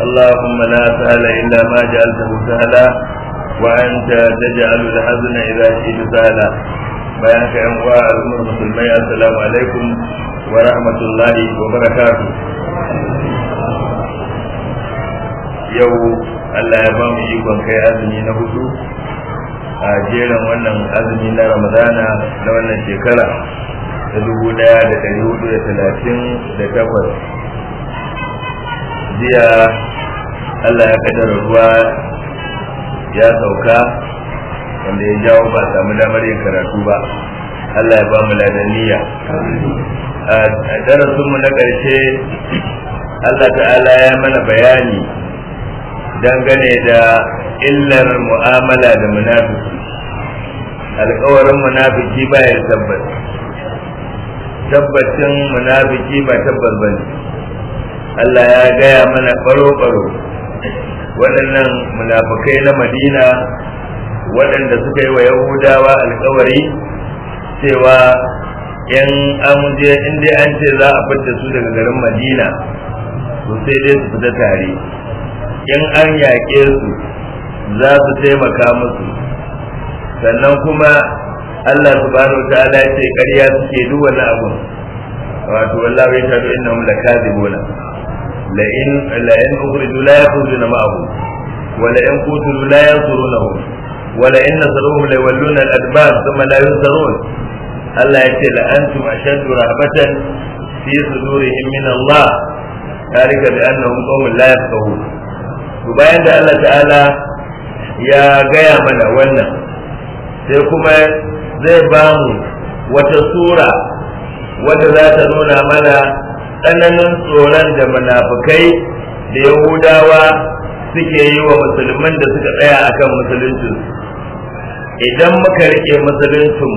اللهم لا سهل إلا ما جعلته سهلا وأنت تجعل الحزن إذا شئت سهلا بيانك يا أمواء المسلمين السلام عليكم ورحمة الله وبركاته yau Allah ya ba mu ikon kai azumi na hudu a jeran wannan azumi na ramadana na wannan shekara ta dubu daya da dari hudu da talatin da takwas jiya Allah ya kaddara ruwa ya sauka wanda ya jawo ba samu damar yin karatu ba Allah ya ba mu ladaniya a darasinmu na ƙarshe Allah ta'ala ya mana bayani dangane da illar mu'amala da munafiki alkawarin munafiki ba ya tabbas tabbacin munafiki ba tabbas bane Allah ya gaya mana baro-baro waɗannan munafukai na madina waɗanda suka yi wa yahudawa alkawari cewa yan an je inda an ce za a fita su daga garin madina to sai dai su fita tare in an yaƙe su za su taimaka musu sannan kuma Allah subhanahu wa ta'ala ya ce ƙarya suke duk wani abu wato wallahi ya tafi innahum lakazibuna لئن لئن أخرجوا لا يخرجون معهم ولئن قتلوا لا ينصرونهم ولئن نصروهم ليولون الأدبار ثم لا ينصرون الله يقول لأنتم أشد رهبة في صدورهم من الله ذلك بأنهم قوم لا يفقهون bayan da Allah ta'ala ya gaya mana wannan sai kuma zai bamu wata sura wadda za ta nuna mana tsananin tsoron da munafukai da yahudawa suke yi wa musulman da suka tsaya akan musuluncin idan muka rike musuluncin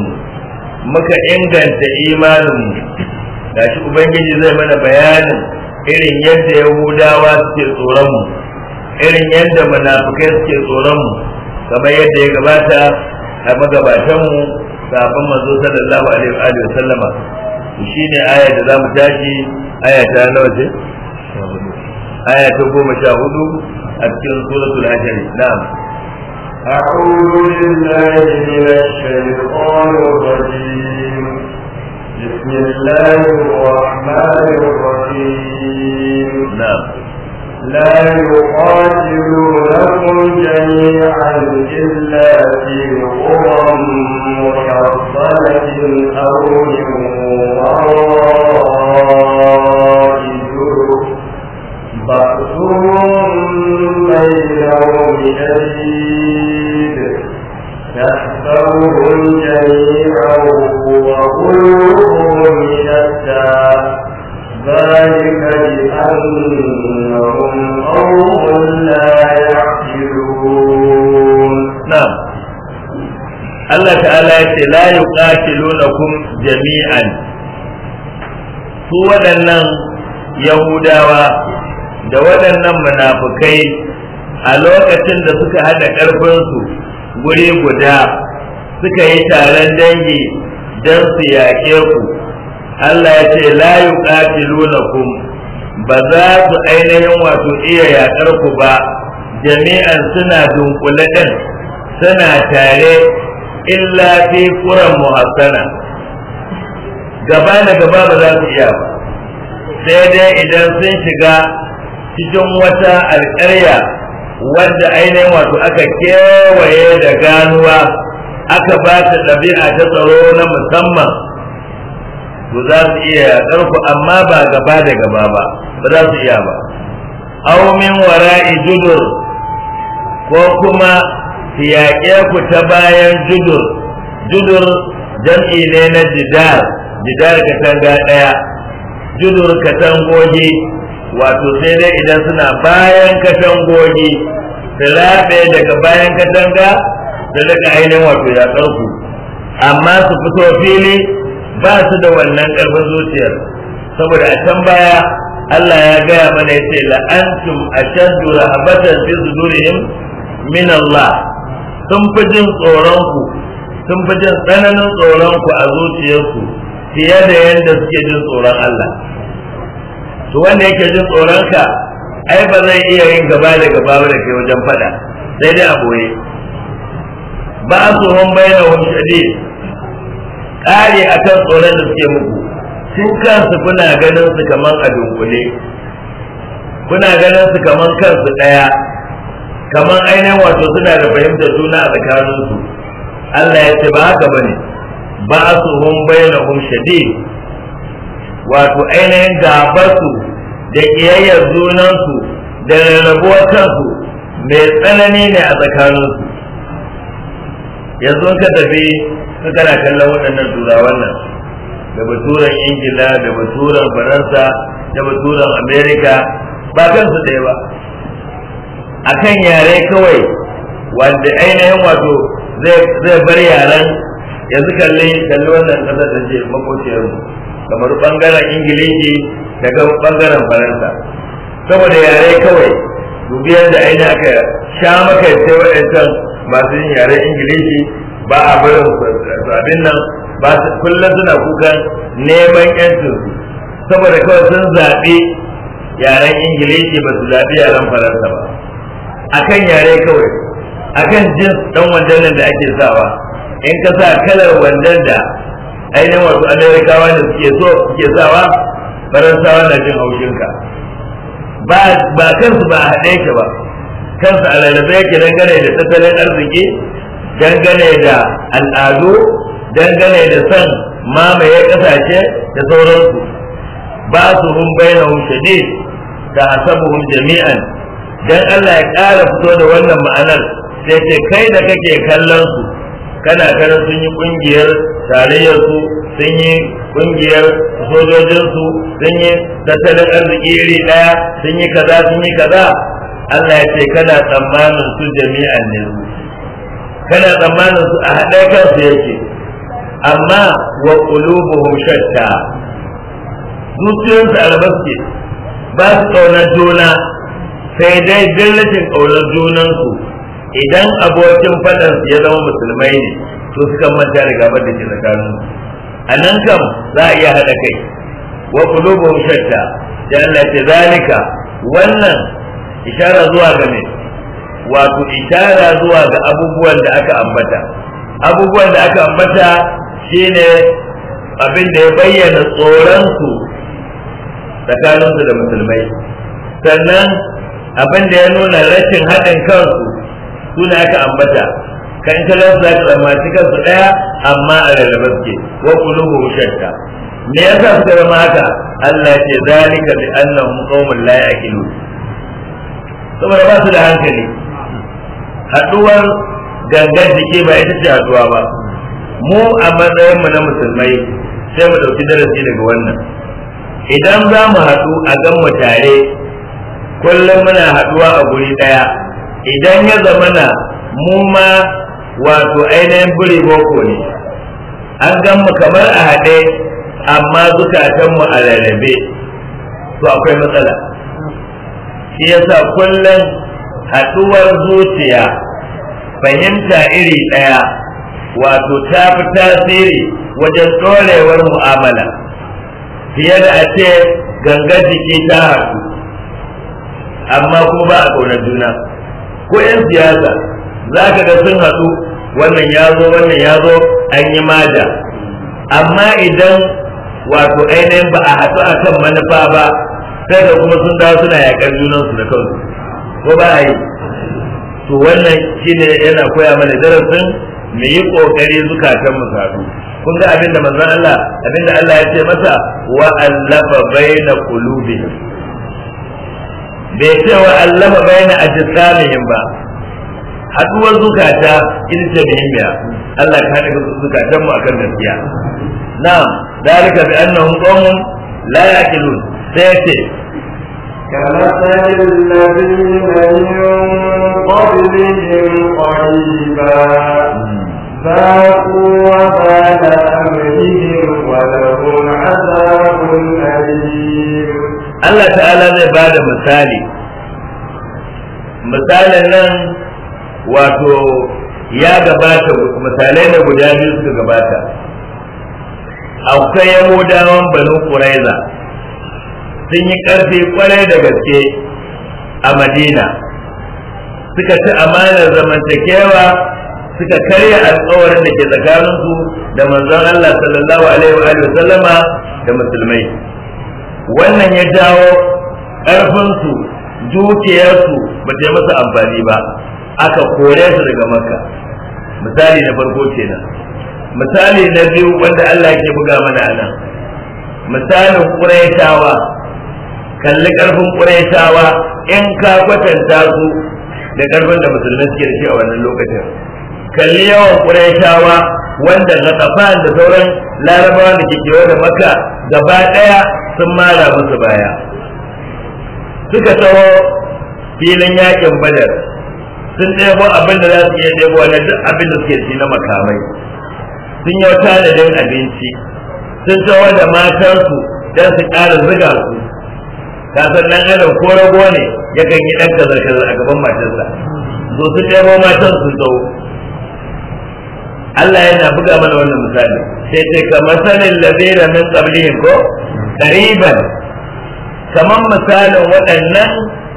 muka inganta imanin gashi ubangiji zai mana bayanin irin yadda yahudawa suke tsoron mu irin yadda munafukai suke tsoron mu kamar yadda ya gabata a magabatan mu kafin mazo sallallahu alaihi wa sallama shine ayar da zamu tashi aya ta nawa ce aya ta goma sha hudu a cikin suratul hajjari na'am أعوذ بالله من الشيطان الرجيم بسم الله الرحمن الرحيم نعم لا يقاتلونكم جميعا إلا في قرى محصنة أو يحسبهم جميعا وكلهم يدعى ذلك بأنهم قوم لا يعقلون نعم Allah ta'ala ya ce jami'an su waɗannan yahudawa da waɗannan munafukai a lokacin da suka haɗa ƙarfinsu guri guda suka yi taron dangi don su yaƙe ku Allah ya ce la yuqatilunakum ba za su ainihin wato iya yaƙar ku ba jami'an suna dunkule din suna tare illa fi quran muhassana gaba da gaba ba za su iya sai dai idan sun shiga cikin wata alƙarya wanda ainihin wato aka kewaye da ganuwa aka ba ta ɗabi'a ta tsaro na musamman to za su iya yaƙar ku amma ba gaba da gaba ba ba za su iya ba au min wara'i judur ko kuma su yaƙe ku ta bayan judur judur jam'i ne na jidar jidar katanga ɗaya judur katangogi wato sai dai idan suna bayan katangogi su laɓe daga bayan katanga da daga ainihin wato yaƙar ku amma su fito fili ba su da wannan ƙarfin zuciyar saboda a can baya Allah ya gaya mana ya ce la'antum ashaddu rahabatan fi sudurihim min Allah sun fi jin tsoron ku sun fi jin tsananin tsoron ku a zuciyarku fiye da yadda suke jin tsoron Allah to wanda yake jin tsoron ka ai ba zai iya yin gaba da gaba ba da ke wajen fada sai dai a boye ba su hon bayyana wani shadid kare a kan tsoron da suke muku sun kansu kuna ganin su kaman a dunkule kuna ganin su kaman kansu ɗaya kaman ainihin wato suna da fahimtar juna a tsakaninsu Allah ya ce ba haka bane ba su hun bayyana hun shadid wato ainihin gabarsu da ƙiyayyar junansu da rarrabuwar kansu mai tsanani ne a tsakaninsu yanzu ka tafi su kana kallon waɗannan turawan nan da baturan ingila da baturan faransa da baturan amerika ba kansu ɗaya ba a kan yare kawai wanda ainihin wato zai bar yaren yanzu kalli kalli wannan ƙasar da ce makociyar kamar ɓangaren ingilishi daga ɓangaren faransa saboda yare kawai dubiyar yadda ainihin aka sha maka sai waɗancan masu yin yaren ingilishi ba a barin su abin nan ba su kullum suna kukan neman yancin su saboda kawai sun zaɓi yaren ingilishi ba su zaɓi yaren faransa ba akan yare kawai akan jins ɗan wandan nan da ake sawa in ka sa kalar wandan da ainihin wasu amerikawa da suke so suke sawa faransawa na jin haushinka ba kansu ba a haɗe ka ba kansu a lalabe yake dangane da tattalin arziki dangane da al'adu dangane da san mamaye kasashe da sauransu ba su hun bainahum shadid da asabuhum jami'an dan Allah ya ƙara fito da wannan ma'anar sai ce kai da kake kallon su kana kana sun yi kungiyar tarayyar su sun yi kungiyar sojojin sun yi tattalin arziki iri daya sun yi kaza sun yi kaza Allah ya ce kana tsammanin su jami'an ne su kana tsammanin su a haɗe kansu yake amma wa qulubuhum shatta zuciyarsu a rabaske ba su ƙaunar juna sai dai dillacin ƙaunar junansu idan abokin faɗansu ya zama musulmai ne to sukan manta da gabar da ke tsakanin a nan kam za a iya haɗa kai wa qulubuhum shatta da Allah ce zalika wannan ishara zuwa ga mai wato itara zuwa ga abubuwan da aka ambata abubuwan da aka ambata shine abin da ya bayyana tsoronsu tsakaninsu da musulmai sannan abin da ya nuna rashin haɗin kansu ne aka ambata kan kalar za ka tsammaci kansu ɗaya amma a rarraba suke wa ko shakka me yasa suka zama haka Allah ce zalika bi annahum qaumun la ya'qilun saboda ba su da hankali haduwar gangan jiki ba ita ce haduwa ba mu a matsayin mu na musulmai sai mu dauki darasi daga wannan idan za mu haɗu a gan mu tare kullum muna haɗuwa a guri ɗaya idan ya zamana mu ma wato ainihin buri boko ne an gan mu kamar a haɗe amma mu a lalabe to akwai matsala shi yasa kullum haɗuwar zuciya fahimta iri ɗaya wato ta fi tasiri wajen ɗorewar mu'amala fiye da a ce gangar jiki ta haɗu amma kuma ba a ƙaunar juna ko 'yan siyasa za ka ga sun haɗu wannan ya zo wannan ya zo an yi maja amma idan wato ainihin ba a haɗu a kan manufa ba sai da kuma sun dawo suna yaƙar junansu da kansu ko ba a yi to wannan shine yana koya mana darasin mu yi kokari zukatan mu kun ga abin da manzon Allah abin da Allah ya ce masa wa allafa baina qulubihim bai ce wa allafa baina ajsamihim ba haduwar zukata ita ce muhimmiya Allah ka daga zukatan mu akan gaskiya na'am dalika bi annahum qawmun la yaqilun sai ce كمثل الذين من قبلهم قريبا وبال ولهم عذاب Allah ta'ala zai ba da misali misalin wato ya gabata misalai da guda biyu su gabata akwai yahudawan banu ƙuraiza sun yi ƙarfi kwarai da gaske a madina suka ci amanar zamantakewa suka karya alkawarin da ke tsakaninsu da manzon Allah sallallahu alaihi wa sallama da musulmai wannan ya jawo ƙarfinsu dukiyarsu ba ta masa amfani ba aka kore su daga makka misali na farko kenan misali na biyu wanda Allah ke buga mana nan misalin ƙuraitawa kalli karfin ƙuraishawa in ka kwatanta su da karfin da musulmi suke da shi a wannan lokacin kalli yawan ƙuraishawa wanda Ghatafan da sauran larabawa da ke kewa da maka gaba ɗaya sun mara musu baya suka tsawo filin yakin badar sun ɗebo abin da za su iya ɗebo wani duk abin da suke ci na makamai sun yau tanadin abinci sun tsawo da matansu don su ƙara ziga su ka san dan adam ko rago ne yakan yi dan kazar kazar a gaban matarsa zo su ma matan su zo Allah yana buga mana wannan misali sai ce ka sanin labera min qablihim ko qariban Kamar misalin waɗannan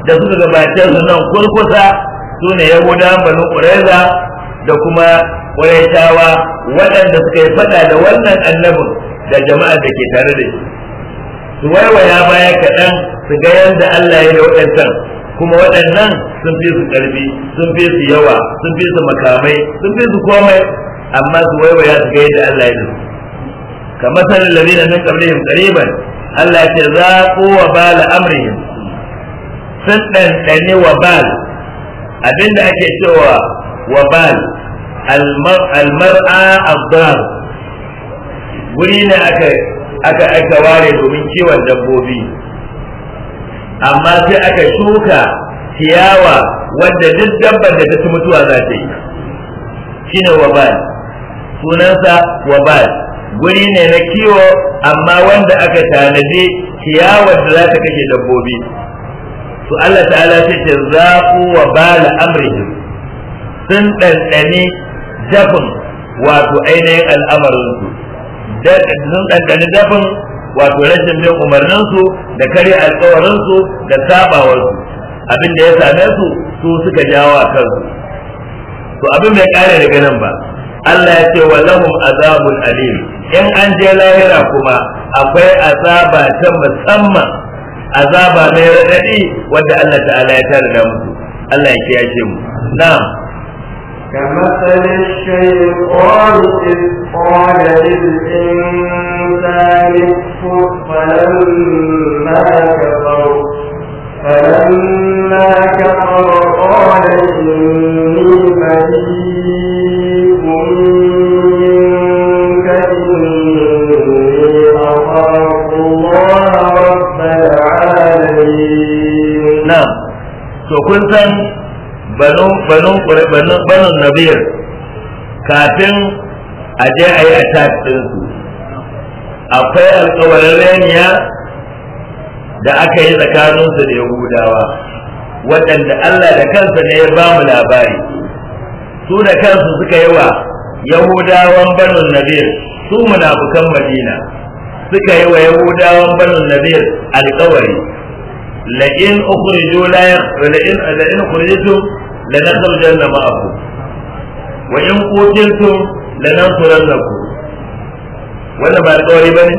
da suka gabatar su nan kurkusa su ne Yahuda, banu ƙureza da kuma quraytawa waɗanda suka yi faɗa da wannan annabin da jama'a da ke tare da shi su waiwaya baya kaɗan su ga yadda Allah ya da waɗancan kuma waɗannan sun fi su ƙarfi sun fi su yawa sun fi su makamai sun fi su komai amma su waiwaya su ga yadda Allah ya da su kamar sanin lalina min qablihim qariban Allah ya ce za ku wa bala amrihim sun ɗanɗani wa bal abinda ake cewa wa bal almar'a abdar guri ne aka aka aka ware domin kiwon dabbobi amma sai aka shuka ciyawa wadda duk dabbar da ta ci mutuwa za ta yi shine wabal sunansa wabal guri ne na kiwo amma wanda aka tanadi ciyawar da za ta kashe dabbobi to Allah ta'ala sai ce zaqu wa bala sun ɗanɗani dafin wato ainihin su sun ɗanɗani dafin wato rashin bin umarninsu da kare alkawarinsu da sabawarsu abin da ya same su su suka jawo a kansu to abin bai kare daga nan ba Allah ya ce lahum azabun alim in an je lahira kuma akwai azaba ta musamman azaba mai raɗaɗi wanda Allah ta'ala ya tare da musu Allah ya kiyaye mu na'am كمثل الشيطان إذ قال للإنسان اكفر فلما كفر فلما كفر قال إني بريء منك إني أخاف الله رب العالمين نعم سو كنت banu banu banu nabiyar kafin a je a yi a din akwai alkawarin reniya da aka yi tsakaninsu su da yahudawa waɗanda Allah da kansa ne ya ba mu labari su da kansu suka yi wa yahudawan banu nabir su munafukan madina suka yi wa yahudawan banu nabir alkawari la'in ukhrijū la la'in la'in ukhrijtum la nakhrujanna ma'akum wa in qutiltum la nansurannakum wannan ba alƙawari bane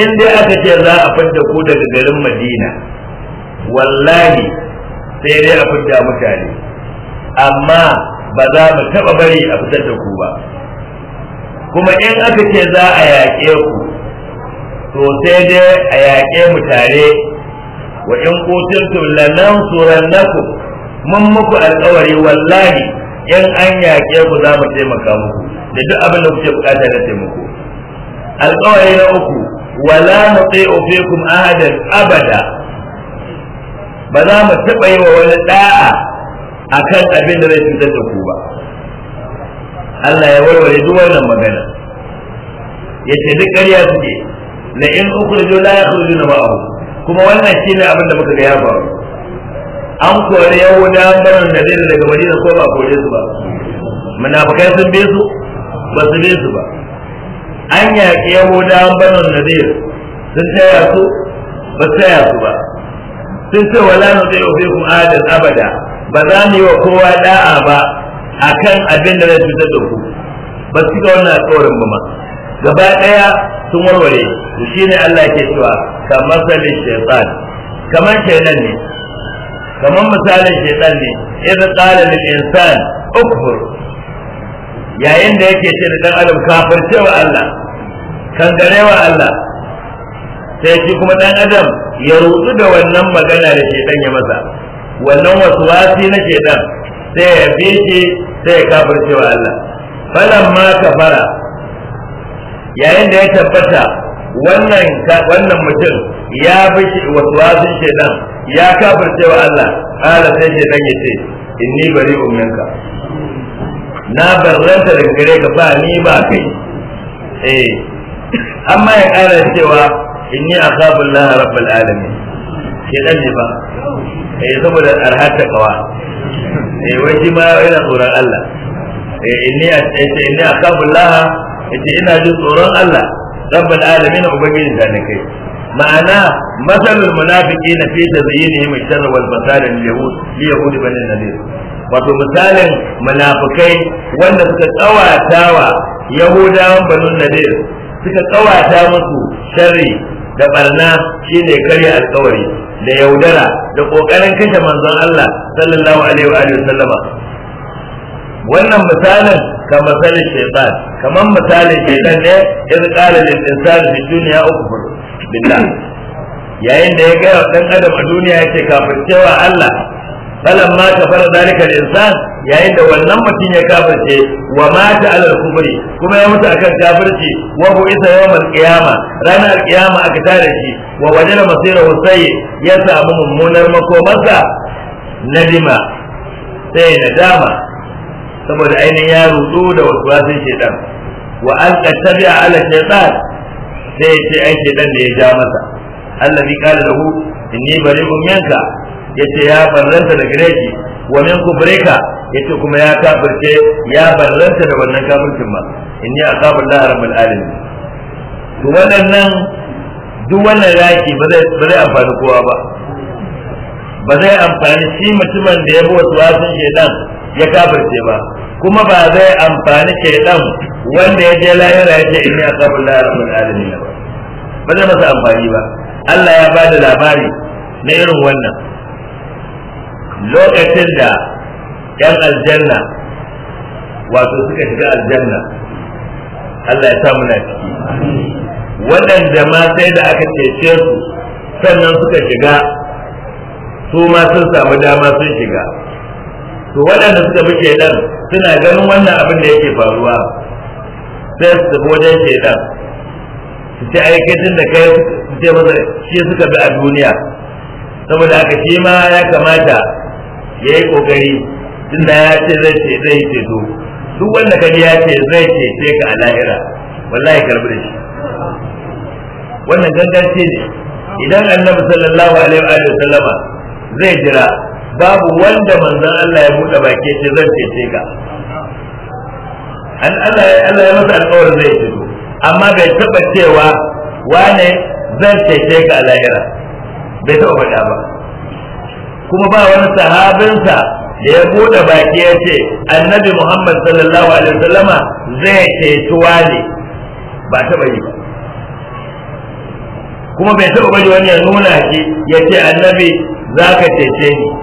in dai aka ce za a fidda ku daga garin Madina wallahi sai dai a fidda mutane amma ba za mu taɓa bari a fitar da ku ba kuma in aka ce za a yaƙe ku to sai dai a yaƙe mu tare wa in qutiltum la nansurannakum mun muku alƙawari wallahi in an yaƙe ku za mu taimaka muku da duk abin da kuke bukata na taimako alƙawari na uku wala mu nuti'u ofekun ahadar abada ba za mu taɓa yi wa wani ɗa'a a kan abin da zai cutar da ku ba Allah ya warware duk wannan magana Ya ce duk ƙarya suke la in ukhrijuna la yukhrijuna ma'ahu kuma wannan shine abin da muka ga ya faru an kori kore yahudawan barin da dai daga madina ko ba kore su ba munafikai sun bi su ba su bi su ba an yaƙi yahudawan barin da dai sun taya su ba su taya su ba sun ce wala nu zai ofe kuma adal abada ba za mu yi wa kowa da'a ba a kan abin da zai cutar da ku ba su ga wannan alkawarin ba ma gaba ɗaya sun warware shi ne Allah ke cewa kamar salin shaitan kamar shaitan ne kamar misalin shaitan ne idan qala lil insan ukfur yayin da yake shi da dan adam kafircewa Allah kangarewa Allah sai shi kuma dan adam ya rutu da wannan magana da shaitan ya masa wannan wasu waswasi na shaitan sai ya bi shi sai ya kafircewa Allah falamma kafara yin da ya tabbata wannan mutum ya bi waswasin shaitan ya kafirce wa Allah ala sai ce dan yace inni bari minka na barranta da gare ka ba ni ba kai eh amma ya kara cewa inni akhafu Allah rabbul alamin ke dan ne ba eh saboda arhata kawa eh wai ma yana tsoron Allah eh inni ace inni akhafu Allah ina jin tsoron Allah rabbul alamin ubangiji da nake kai ma'ana masalul munafiqina fi tazyinihim ash-sharr wal fasad al-yahud li yahud bani nadir wato misalin munafukai wanda suka tsawata wa yahudawan banu nadir suka tsawata musu sharri da barna shine karya alkawari da yaudara da kokarin kashe manzon Allah sallallahu alaihi wa alihi sallama wannan misalin ka misalin shaytan kaman misalin shaytan ne in qala lil insani fi dunya ukfur billah yayin da ya ga dan adam a duniya yake kafin cewa Allah falan ma fara dalika al-insan yayin da wannan mutum ya kafirce wa mata ala al kuma ya mutu akan kafirci wa bu isa yawmal qiyama ranar al-qiyama aka tare shi wa wajala masira husayi ya samu mummunar makomarsa nadima sai nadama saboda ainihin ya rudu da wasu wasin shedan wa an tattabi'a ala shaytan sai ya ce ai dan da ya ja masa allazi qala lahu inni bari'un minka yace ya barranta da gareji wa min kubrika yace kuma ya kafirce ya barranta da wannan kafircin ma inni aqabu Allah rabbul alamin to waɗannan duk wannan yaki ba zai amfani kowa ba ba zai amfani shi mutumin da ya bi wasu wasan shedan ya kafirce ba kuma ba zai amfani shaitan wanda ya je lahira ya ce inni asabu la rabbul alamin ba ba zai masa amfani ba Allah ya ba da labari na irin wannan lokacin da yan aljanna wato suka shiga aljanna Allah ya sa muna ciki waɗanda ma sai da aka cece su sannan suka shiga su ma sun samu dama sun shiga to waɗanda suka bi shaidan suna ganin wannan abin da yake faruwa sai su tafi wajen shaidan su ce aikacin da kai ce masa shi suka bi a duniya saboda aka shi ma ya kamata ya yi kokari tunda ya ce zai ce zai to duk wanda kaji ya ce zai ce ce ka a lahira wallahi karbi da shi wannan ce ne idan annabi sallallahu alaihi wa sallama zai jira babu wanda manzon Allah ya buɗe baki ce zan cece ka an Allah ya Allah ya masa alƙawarin zai fito amma bai taɓa cewa wane zan cece ka a lahira bai taɓa faɗa ba kuma ba wani sahabinsa da ya buɗe baki ya ce annabi Muhammad sallallahu alaihi wasallama zai ceci wane ba taɓa yi ba kuma bai taɓa bari wani ya nuna shi ya ce annabi za ka cece ni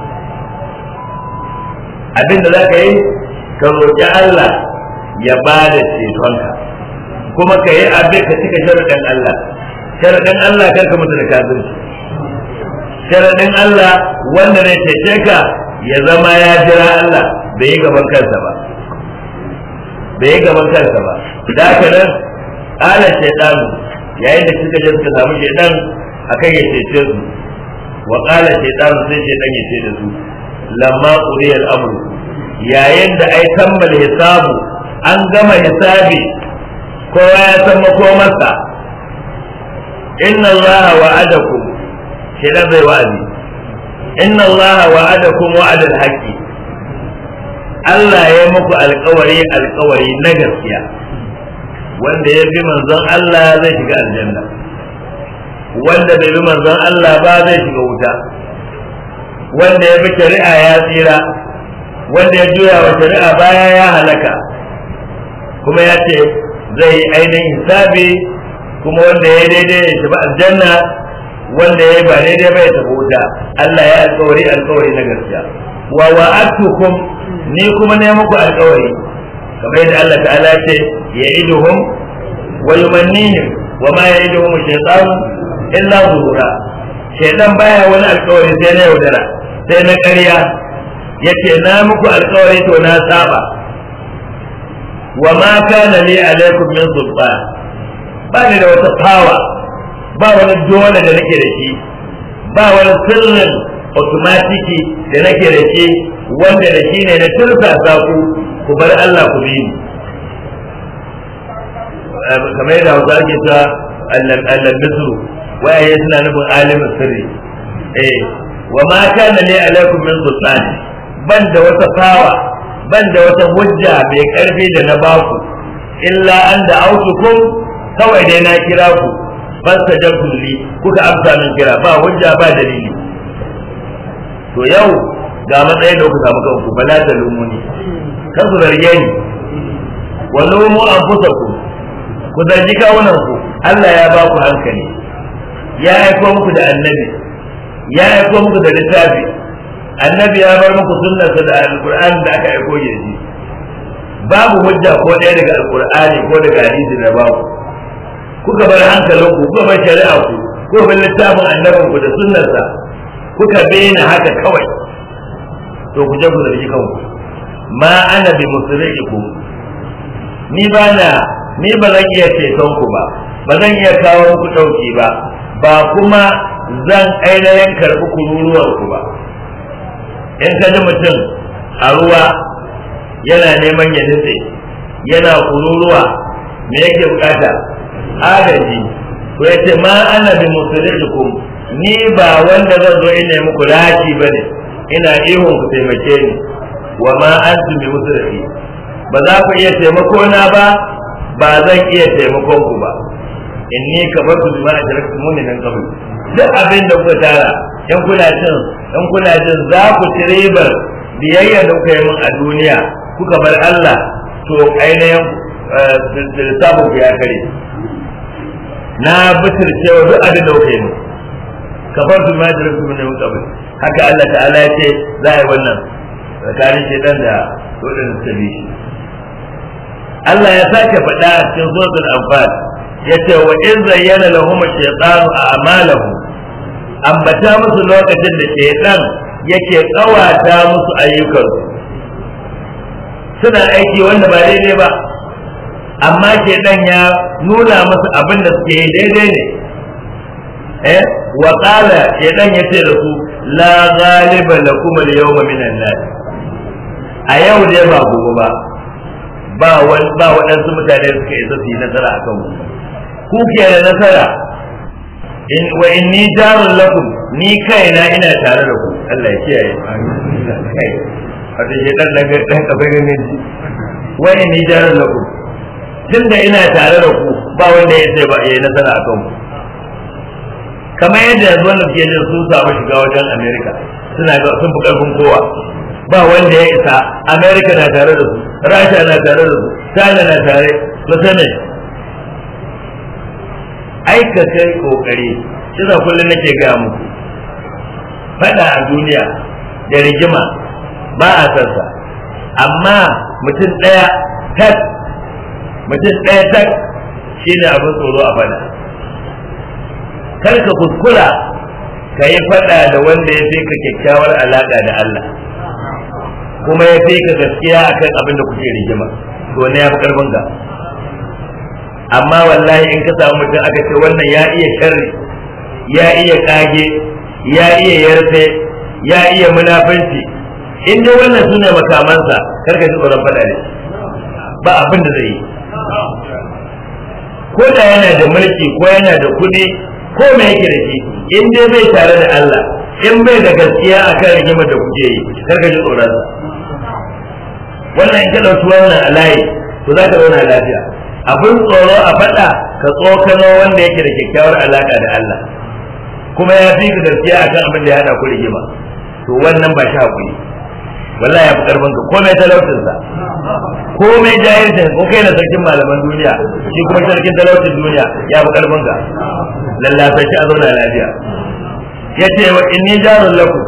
abin da zaka yi ka roƙi Allah ya ba da cetonka kuma ka yi abin ka cika sharaɗin Allah sharaɗin Allah kar ka mutu da kafirci sharaɗin Allah wanda ne cece ka ya zama ya jira Allah bai yi gaban kansa ba bai yi gaban kansa ba da aka nan ala shaitan yayin da suka je suka samu shaitan akan ya cece su wa ala shaitan sai shaitan ya ce da su lamma quriya al yayin da ai kammala hisabu an gama hisabi kowa ya san makomarsa inna allaha wa'adakum kila zai wa'azi inna allaha wa'adakum wa'ada al-haqqi Allah ya muku alkawari alkawari na gaskiya wanda ya bi manzon Allah zai shiga aljanna wanda bai bi manzon Allah ba zai shiga wuta wanda ya bi shari'a ya tsira wanda ya juya wa shari'a baya ya halaka kuma ya ce zai ainihin hisabi kuma wanda ya daidai ya shiga aljanna wanda ya ba daidai ba ya tafi wuta Allah ya alkawari alƙawari na gaskiya wa atukum ni kuma ne muku alƙawari kamar yadda Allah ta'ala ce ya iduhum wa yumannihim wa ma ya iduhum shaytan illa ghurura shaidan baya wani alkawari sai na yaudara sai na ƙarya yace na muku alkawari to na saba wa ma kana li alaikum min sultan ba ni da wata fawa ba wani dole da nake da shi ba wani sirrin automatiki da nake da shi wanda da shi ne na turfa saku, ku bar Allah ku bi ni kamar yadda hausa ake ta allan waye suna nufin alimin sirri eh wa ma kana li alaikum min sultani ban da wata fawa ban da wata hujja mai karfi da na baku illa an da autukum kawai dai na kira ku fasta da kulli, kuka amsa min kira ba hujja ba dalili to yau ga matsayin da kuka samu ku bala da lumuni kan su zarge ni wa lumu anfusakum ku zargi kawunan ku Allah ya ba ku hankali ya aiko muku da annabi ya aiko muku da littafi annabi ya bar muku sa da alqur'ani da aka aiko yanzu babu hujja ko ɗaya daga alqur'ani ko daga hadisi da babu kuka bar hankalinku kuka bar shari'a ku ko bar littafin ku da sunnarsa kuka daina haka kawai to ku je ku zargi kanku ma ana bi musri'ikum ni ba na ni ba zan iya ceton ku ba ba zan iya kawo ku dauki ba ba kuma zan ainihin karɓi kururuwar ku ba in ka ji mutum a ruwa yana neman ya nutse yana kururuwa me yake bukata agaji ko ya ce ma ana bi musulunkum ni ba wanda zan zo ina muku laki ba ne ina ihun ku taimake ni wa ma an su bi musulunki ba za ku iya taimako na ba ba zan iya taimakon ku ba inni kabar ku ma ajrakum mu'minan qabl duk abin da kuka tara in kuna jin in kuna jin za ku ci ribar biyayya da kuka yi min a duniya kuka bar Allah to ainihin eh, lissafin ku ya kare na bitirce cewa duk abin da kuka yi min kabar ku ma ajrakum mu'minan qabl haka Allah ta'ala ya ce za a yi wannan tsakanin shedan da wadanda suka bi shi Allah ya sake faɗa a cikin suratul amfani. yace wa in zayyana lahum shaytanu a'malahu ambata musu lokacin da shaytan yake kawata musu ayyukan suna aiki wanda ba daidai ba amma shaytan ya nuna musu abin da suke daidai ne eh wa qala shaytan yace da su la ghaliba lakum al-yawma min an-nas a yau dai ba gobe ba ba wani waɗansu mutane suka isa su yi nasara a kau. kuke da nasara in wa inni jarun lakum ni kaina ina tare da ku Allah ya kiyaye kai a shi dan nan dan ne wa inni jarun lakum tunda ina tare da ku ba wanda ya sai ba yayi nasara a kanku kamar yadda yanzu wannan ke jin su samu shiga wajen America suna ga sun fi karfin kowa ba wanda ya isa America na tare da su Rasha na tare da su China na tare su Senegal aika kai kokari shi za kullum nake ga muku fada a duniya da rigima ba a sassa amma mutum ɗaya tak mutum ɗaya tak shi ne abin tsoro a fada kar ka kuskura ka yi fada da wanda ya fi ka kyakkyawar alaƙa da Allah kuma ya fi ka gaskiya akan abin da kuke rigima to ne ya fi ƙarfin ga amma wallahi in ka samu mutum aka ce wannan ya iya sharri ya iya kage ya iya yarfe ya iya munafanci in dai wannan sune makamansa karka ji tsoron faɗa ne ba abin da zai yi ko da yana da mulki ko yana da kuɗi ko mai yake da shi in dai bai tare da Allah in bai da gaskiya a kan rigimar da kuke yi karka ji tsoron wannan in ka ɗauki wannan alayi to za ka zauna lafiya abin tsoro a faɗa ka tsokano wanda yake da kyakkyawar alaƙa da Allah kuma ya fi gaskiya akan abin da ya hada ku rigima to wannan ba shi hakuri wallahi ya fi karfin ka komai talaucin sa komai jahilcin ko kai na sarkin malaman duniya shi kuma sarkin talaucin duniya ya fi karfin ka lallasa shi a zauna lafiya yace wa inni jarun lakum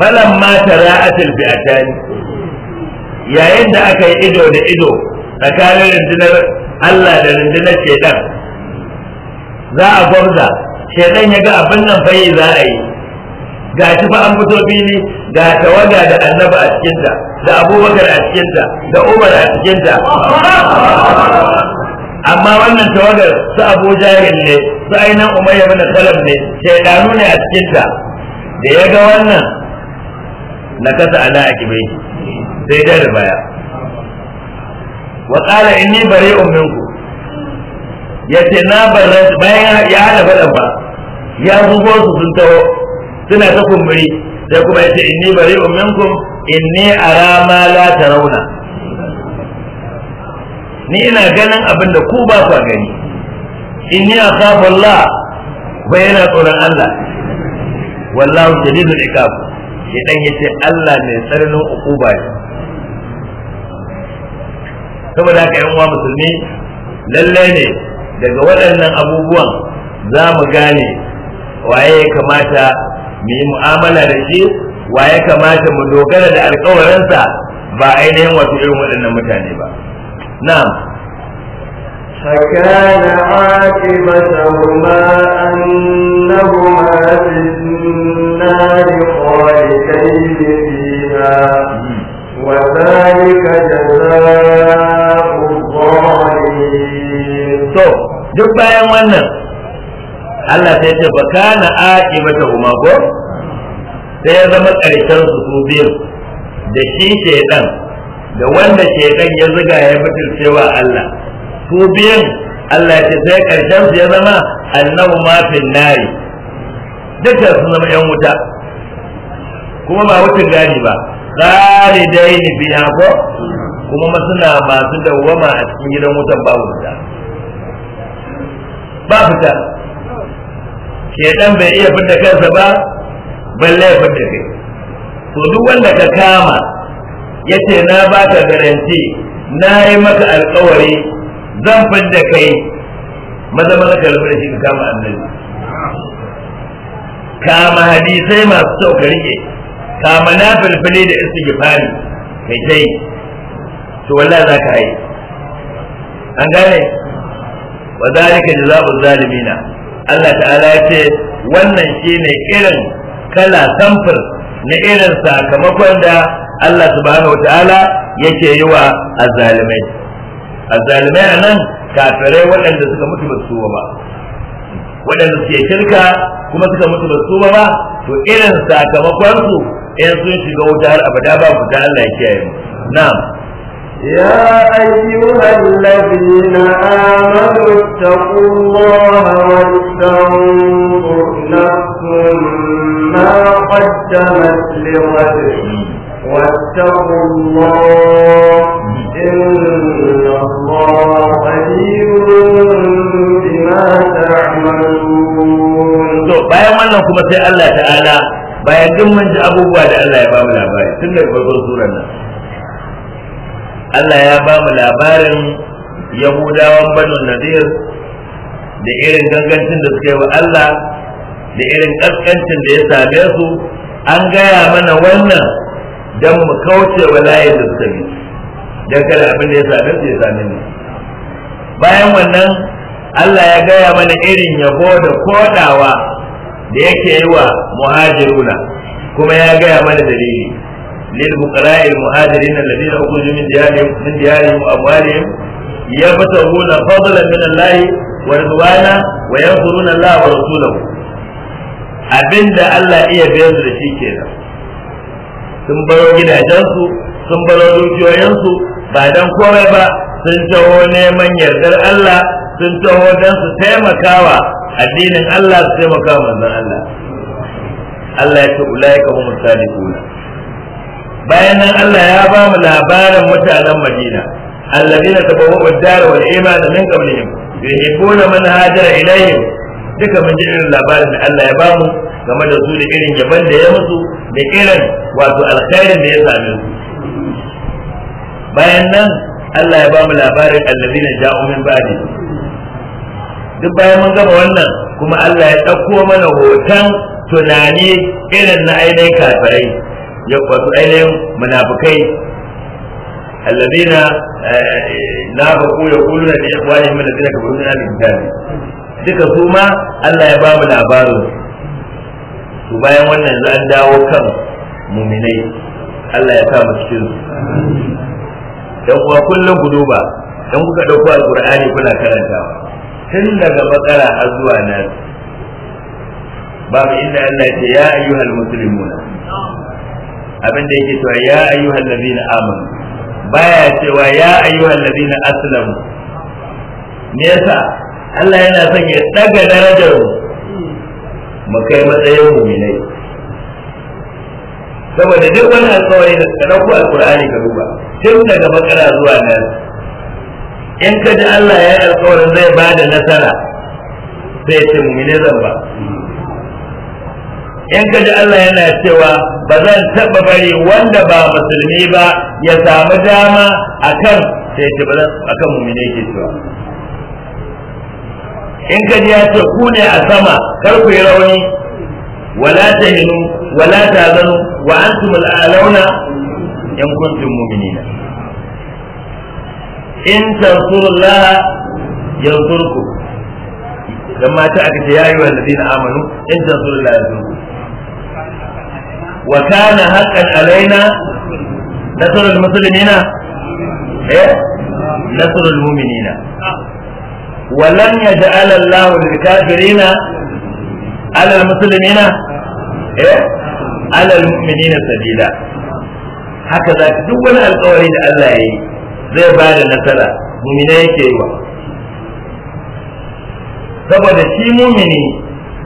falamma tara'atil bi'atani yayin da aka yi ido da ido tsakanin rundunar Allah da rundunar shedan za a gwamza shedan ya ga abin nan fayi za a yi ga shi fa an fito fili ga tawaga da annaba a cikinta da abubakar a cikinta da umar a cikinta amma wannan tawagar su abu jahil ne su ainihin umayya bin salam ne shaidanu ne a cikinta da ya ga wannan na kasa ala kibai sai da baya wa qala inni bari'un Ya ce na barranta bayan ya hada fadan ba ya zubo su sun taho suna ta kumburi sai kuma yace inni bari'un minkum inni ara ma la tarawna ni ina ganin abin da ku ba ku gani inni akhafu Allah bayyana tsoron Allah wallahu shadidul iqab idan yace Allah mai tsarnin ukuba ne saboda haka yan uwa musulmi lallai ne daga waɗannan abubuwan za mu gane waye ya kamata mu yi mu'amala da shi waye kamata mu dogara da alkawarinsa ba ainihin wasu irin waɗannan mutane ba na'am فكان عاقبتهما أنهما في النار خالدين فيها وذلك جزاء duk bayan wannan Allah sai ce ba kana mata kuma ko sai ya zama karshen su su biyu da shi shedan da wanda shedan ya zuga ya fitar cewa Allah su biyun Allah ya ce sai karshen su ya zama annabu ma fil nari duka sun zama yan wuta kuma ba wucin gani ba khalidaini biha ko kuma suna masu dawwama a cikin gidan wutan babu wuta ba fita ke dan bai iya fita kansa ba balle ya fita kai to duk wanda ka kama yace na ba ka garanti na yi maka alkawari zan fita kai maza maza ka rubuta shi ka kama annabi kama hadisai masu kyau ka rike kama na filfili da istighfari kai kai to wallahi za ka yi an gane wa zalika jazaa'u zalimina Allah ta'ala ya ce wannan shine irin kala samfur na irin sakamakon da Allah subhanahu ta'ala yake yi wa azzalimai azzalimai anan kafirai waɗanda suka mutu ba su ba waɗanda suke shirka kuma suka mutu ba su ba to irin sakamakon su in sun shiga wuta har abada ba ku ta Allah ya kiyaye na'am يا أيها الذين آمنوا اتقوا الله ولتنظر نفس ما قدمت لغد واتقوا الله إن الله خبير بما تعملون. bayan wannan kuma sai Allah ta'ala bayan duk mun abubuwa da Allah ya ba mu labari tun daga farkon surar nan Allah ya ba mu labarin yahudawan banu nadir da irin gangancin da suke wa Allah da irin ƙasƙancin da ya same su an gaya mana wannan don mu kauce wa layin da suka bi don kada abin da ya same su ya same ni. bayan wannan Allah ya gaya mana irin yabo da kodawa da yake yi wa muhajiruna kuma ya gaya mana dalili للفقراء المهاجرين الذين أخرجوا من ديارهم من ديارهم وأموالهم يبتغون فضلا من الله ورضوانا وينصرون الله ورسوله abinda Allah iya biyar da shi kenan sun baro gidajensu sun baro dukiyoyinsu ba don komai ba sun taho neman yardar Allah sun taho don su taimakawa addinin Allah su taimakawa manzon Allah Allah ya ce ulaika humus sadiquna bayan nan Allah ya ba mu labarin mutanen Madina alladina tabawu ad-dar wal iman min qablihim yuhibbuna man hajara ilayhim duka mun ji irin labarin da Allah ya ba mu game da su da irin jaban da ya musu da irin wato alkhairin da ya same su bayan nan Allah ya ba mu labarin alladina ja'u min ba'di duk bayan mun gama wannan kuma Allah ya ɗauko mana hoton tunani irin na ainihin kafirai ya wasu ainihin munafikai alladina nafaqu eh, yaquluna li da alladina kafaru min al-kitab duka su ma Allah ya bamu labarin su bayan wannan za an dawo kan muminai Allah ya sa mu cikin su dan kuwa kullum ku duba dan kuka dauko alqur'ani kuna karantawa tun daga bakara har zuwa nan babu inda Allah ya ce ya ayyuhal muslimuna abin da yake cewa ya ayyuhal ladina amanu baya cewa ya ayyuhal ladina aslamu me yasa Allah yana son ya daga darajar mu kai matsayin mu'minai saboda duk wani alƙawari da ka dauko alƙur'ani ka duba tun daga makara zuwa nan in ka ji Allah ya yi alƙawarin zai ba da nasara sai ya ce mu'minai zan ba in ka ji Allah yana cewa ba zan taɓa bari wanda ba musulmi ba ya samu dama a kan sai ce ba a kan mummine ke cewa in ka ji ya ce ku ne a sama kar ku yi rauni wala ta hinu wala ta zanu wa an su mul'alauna in kuntum mu'minina in tansurullah yansurku dan mata aka ce ya yi wa ladina amanu in tansurullah yansurku wa kana haqqan alaina nasrul muslimina eh nasrul mu'minina wa lam yaj'al Allahu lil kafirina ala al muslimina eh? mu'minina sabila haka za duk wani alƙawari da Allah ya yi zai nasara mu'mina yake yi wa saboda shi mu'mini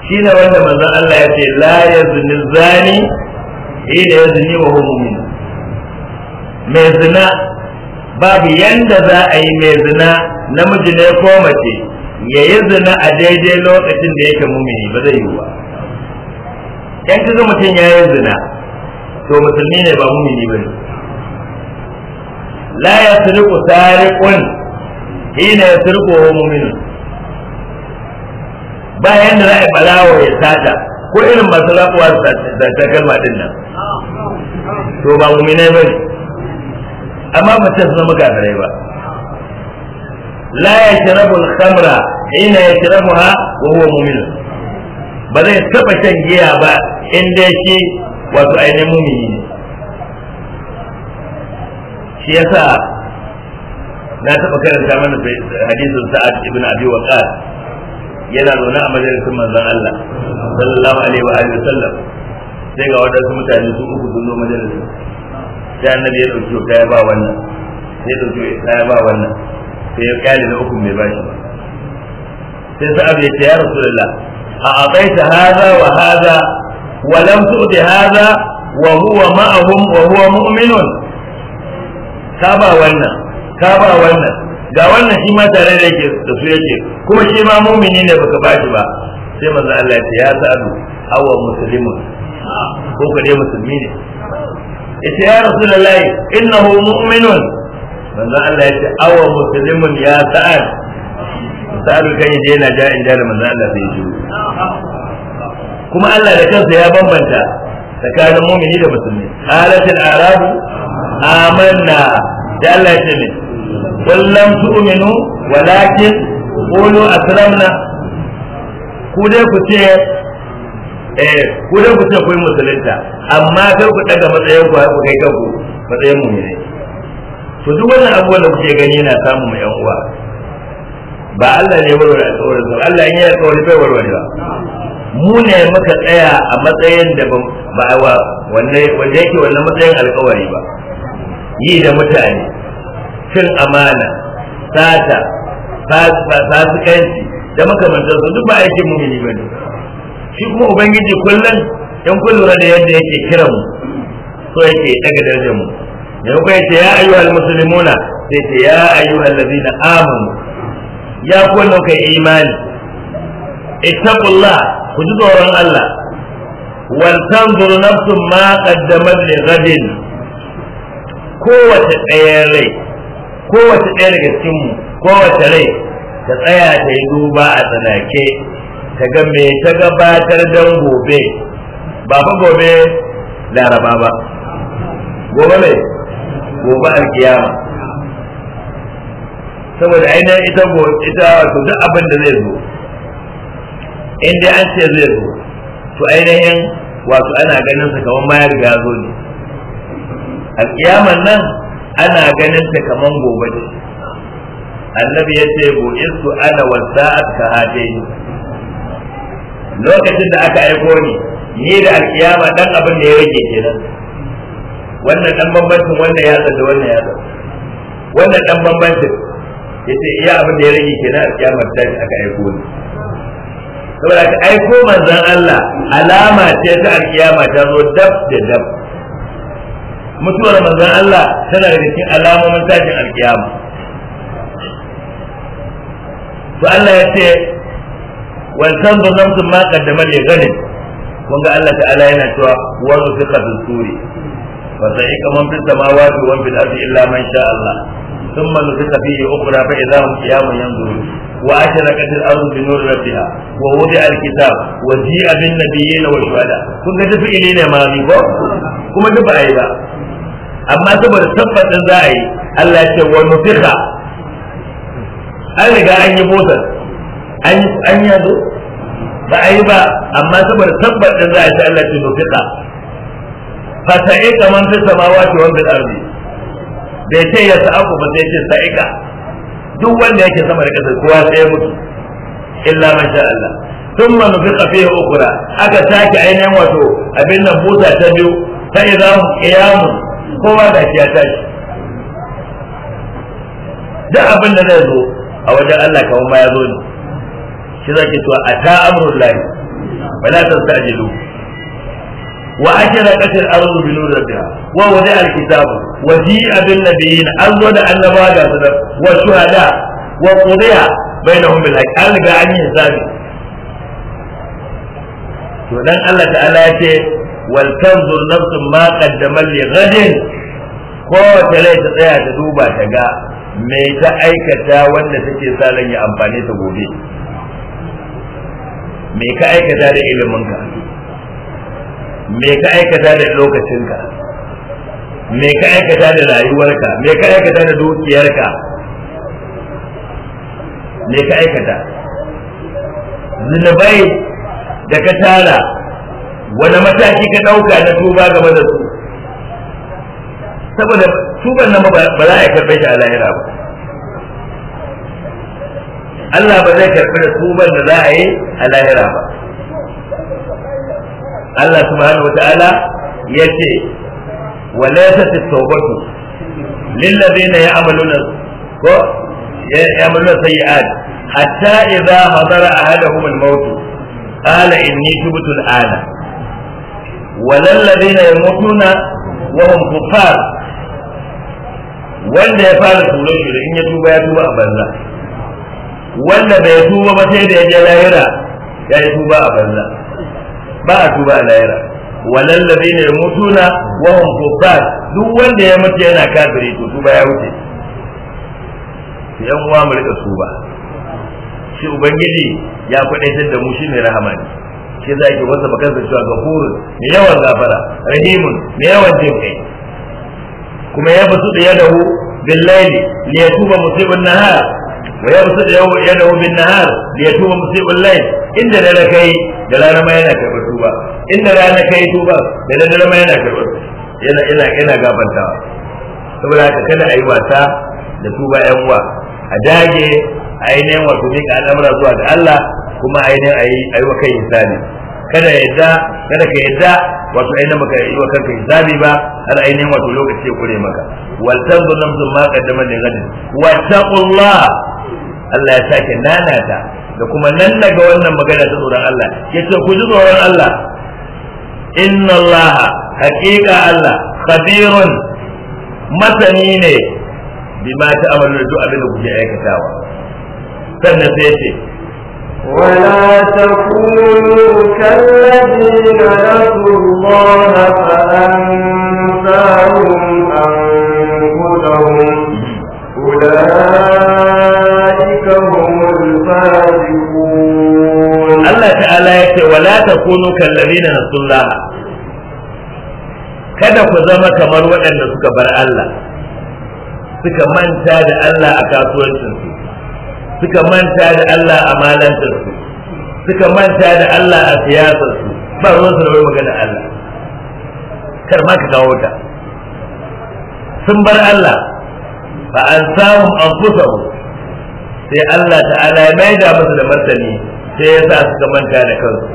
ne wanda manzon Allah ya ce la yazni zani ya zini wa hukumi mai zina babu yanda za a yi mai zina namiji ne ko mace ya yi zina a daidai lokacin da yake mumini ba zai yi ba yan kaga mutum ya yi zina to musulmi ne ba mumini ba ne la ya sirku shi ne ya sirku wa mu'minun bayan da za a balawa ya sata ko irin masu lafuwa da takalma din nan to ba ne bane amma ba ta zama kafirai ba la yashrabu al-khamra ina ya yashrabuha wa huwa mu'min ba zai taba shan giya ba in dai shi wato ainihin mumini ne shi yasa na taba karanta mana hadisin sa'ad ibn abi waqas yana zaune a majalisin manzon Allah sallallahu alaihi wa alihi wasallam sai ga wadansu mutane su uku sun zo majalisin sai annabi ya dauki kaya ba wannan sai ya dauki kaya ba wannan sai ya kyale na uku mai bashi ba sai sa'ab ya ce ya rasulullah a ataita hadha wa hadha wa lam tu'ti hadha wa huwa ma'ahum wa huwa mu'minun ka ba wannan ka ba wannan ga wannan shi ma tare da yake da su yake kuma shi ma mumini ne baka bashi ba sai manzo Allah ya ya sa'adu awa muslimun ko kade musulmi ne yace ya rasulullahi innahu mu'minun manzo Allah ya ce awa muslimun ya sa'ad sa'adu kan yi yana ja in ja da manzo Allah sai ji kuma Allah da kansa ya bambanta tsakanin mumini da musulmi qalatil arabu amanna da Allah ya ce ne قل لم تؤمنوا ولكن قولوا aslamna ku dai eh ku ku ce ku musulunta amma kar ku daga matsayin ku har ku kai kanku matsayin mu ne to duk wannan abubuwan da kuke gani yana samu mai yan uwa ba Allah ne warware alƙawarin sa Allah in ya alƙawari bai warware ba mu ne muka tsaya a matsayin da ba wa wanda yake wannan matsayin alƙawari ba yi da mutane cin amana sata fasikanci da makamantar su duk ba aiki mumini bane shi kuma ubangiji kullum yan kun lura da yadda yake kiran mu so yake daga darajar mu yanzu kai ce ya ayyuhal muslimuna sai ce ya ayyuhal ladina amanu ya kullum kai imani ittaqullah ku ji tsoron Allah wal tanzur nafsun ma qaddamat li ghadin kowace ɗayan rai kowace ɗaya daga cikinmu kowace rai ta tsaya ta yi duba a tsanake ta ga me ta gabatar don gobe ba fa gobe laraba ba gobe mai gobe alkiyama saboda ainihin ita ita wato duk abin da zai zo in dai an ce zai zo to ainihin wato ana ganin sa kamar ma ya zo ne alkiyaman nan ana ganin ta kaman gobe ne annabi ya ce isu ana wasa'at ka hatayi lokacin da aka aiko ni ni da alkiyama dan abin da ya rage kenan wannan dan bambancin wannan ya da wannan ya wannan dan bambancin yace iya abin da ya rage kenan alkiyama ta aka aiko ni saboda ka aiko manzon Allah alama ce ta alkiyama ta zo dab da dab mutuwar manzon Allah tana daga cikin alamomin tashin alkiyama to Allah ya ce wal tanzu nafsun ma qaddamat li ghanin kun ga Allah ta'ala yana cewa wa rufiqa bis suri fa sa'ika man fis samawati wa fil ardi illa man sha Allah thumma nufiqa fihi ukhra fa idha hum qiyamun yanzurun وأشرقت الأرض بنور ربها Kun الكتاب وجيء بالنبيين والشهداء كنت تفعلين ما ذي كما تفعلين amma saboda tabbatin za a yi Allah ya ce wa nufiha an riga an yi motar an yi yazo ba a yi ba amma saboda tabbatin za a yi sai Allah ce nufiha fasa'ika man fi samawati wa bil ardi bai ce ya sa'aku ba sai ce sa'ika duk wanda yake sama da kasar kowa sai ya mutu illa man sha Allah thumma nufiqa fihi ukhra aka sake ainihin wato abin nan busa ta biyu fa idza hum qiyamun kowa da ta tashi da abin da zai zo a wajen Allah kawai ma ya zo ne shi zake to a ta amrul lahi wala tastajilu wa ajra qatil ardu bi nur rabbiha wa wada al kitab wa ji'a bin na? an zo da annaba da su wa shuhada wa qudiya bainahum bil haqq an riga, an yi hisabi to dan Allah ta'ala ya ce wal tanzur nafsun ma qaddamat li ghadin kowace rai ta tsaya ta duba ta ga me ta aikata wanda take sa ya amfane ta gobe me ka aikata da iliminka me ka aikata da lokacinka me ka aikata da rayuwarka me ka aikata da dukiyarka me ka aikata zunubai da ka tara wani mataki ka ɗauka na tuba game da su saboda tuban nan ba za a karɓe shi a lahira ba Allah ba zai karɓi da tuban da za a yi a lahira ba Allah subhanahu wa ta'ala ya ce wa laysat at-tawbatu lil ladina ya'maluna ko ya'maluna sayyi'at hatta idza hadara ahaduhum al-maut qala inni tubtu al-ana walal ladina yamutuna wa hum kuffar wanda ya fara tsoro shi in ya tuba ya tuba a banza wanda bai tuba ba sai da ya je lahira ya yi tuba a banza ba a tuba a lahira walal ladina yamutuna wa hum kufar duk wanda ya mutu yana kafiri to tuba ya wuce yan uwa mu rika tuba shi ubangiji ya kwadaitar da mu shi ne rahama shi za ki wasa ba kansa cewa gafurun mai yawan gafara rahimun mai yawan jin kai kuma ya basu da yadahu billahi li yatuba musibun nahar wa yadda hu bin nahar ya tuba musibin laili inda da kai da rana ma yana karɓar tuba inda rana kai tuba da dare ma yana karbar yana ina ina gabantawa saboda haka kada a yi wasa da tuba yan uwa a dage ainihin wato mika al'amura zuwa ga Allah kuma ainihin ayi ayi wa kai hisabi kada yadda kada ka yadda wato ainihin baka yi wa kanka hisabi ba har ainihin wato lokaci ya kure maka wal tanzur nafsun ma qaddamat li ghadin wa taqullah Allah ya sake nanata da kuma nan daga wannan magana ta tsoron Allah yace ku ji tsoron Allah inna Allah haqiqa Allah khabirun masani ne bima ta amalu duk abin da kuke aikatawa sannan sai ce ولا تكونوا كالذين نسوا الله فأنساهم أنفسهم أولئك هم الفاسقون الله تعالى يقول ولا تكونوا كالذين نسوا الله kada ku zama kamar waɗanda suka bar Allah suka manta da Allah a kasuwancinsu suka manta da Allah a malantarsu suka manta da Allah a siyasarsu ba ruwan su da wani magana Allah kar ma ka kawo ta sun bar Allah fa an samu an sai Allah ta'ala ya mai da musu da martani sai ya sa suka manta da kansu